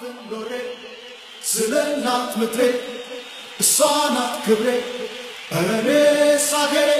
ፍንዶሬ ስለ እናት ምድሬ እሷ ናት ክብሬ እኔ ሳገሬ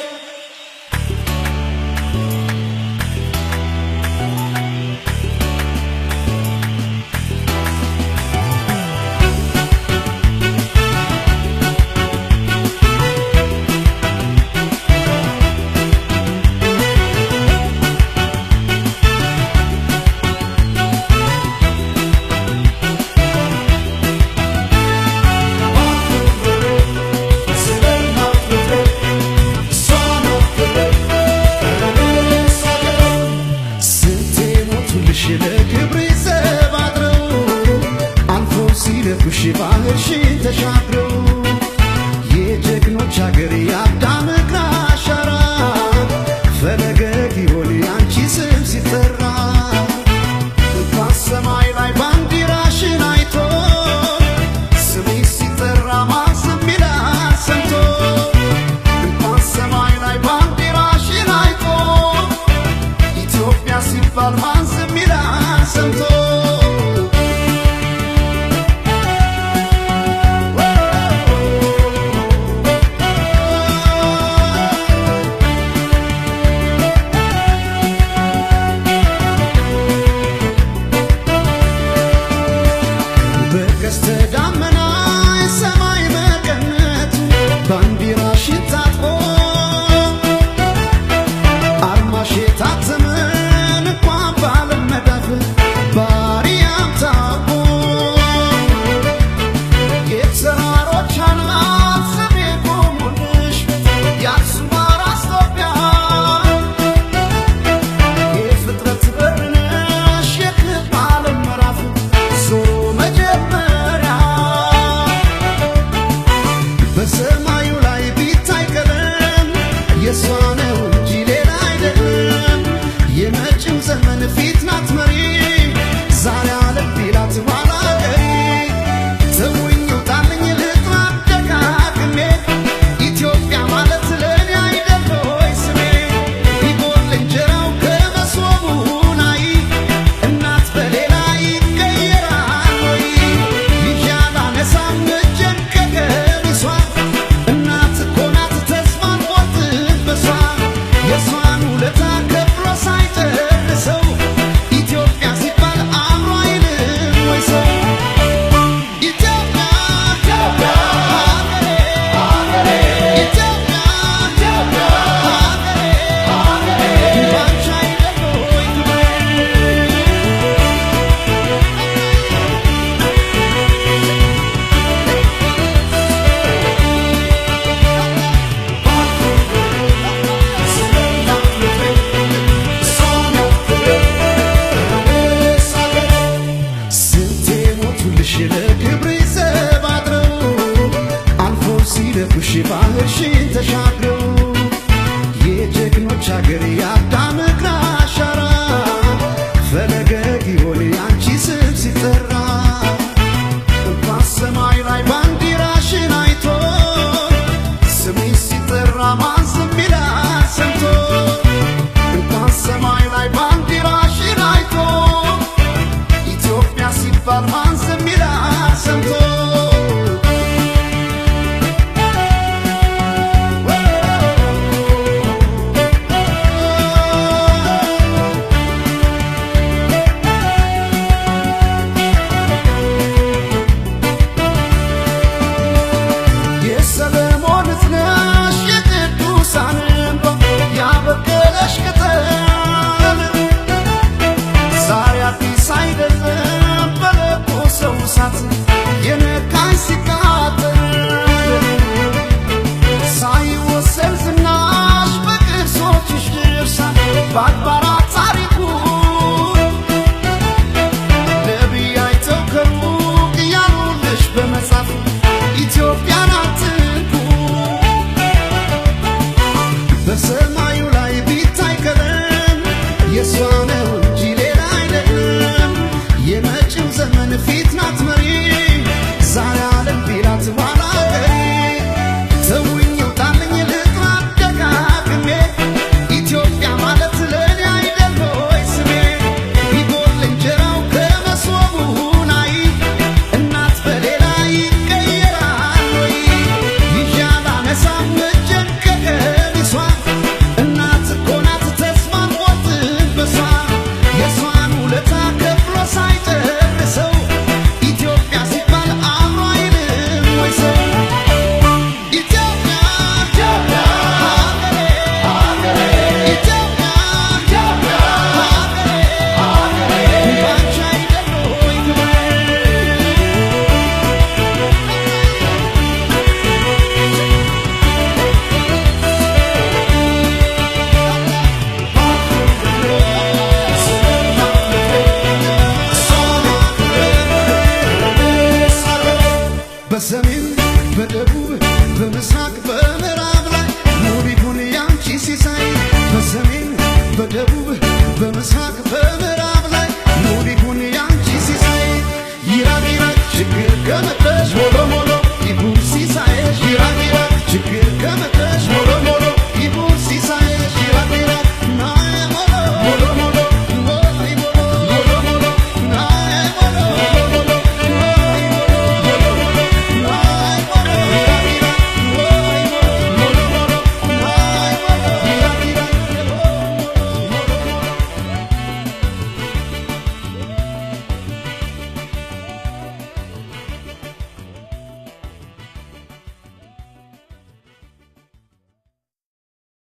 በደቡብ በምስራቅ በምዕራብ ላይ ሙሉ ይሁን ያንቺ ሲሳይ በሰሜን በደቡብ በምስራቅ በምዕራብ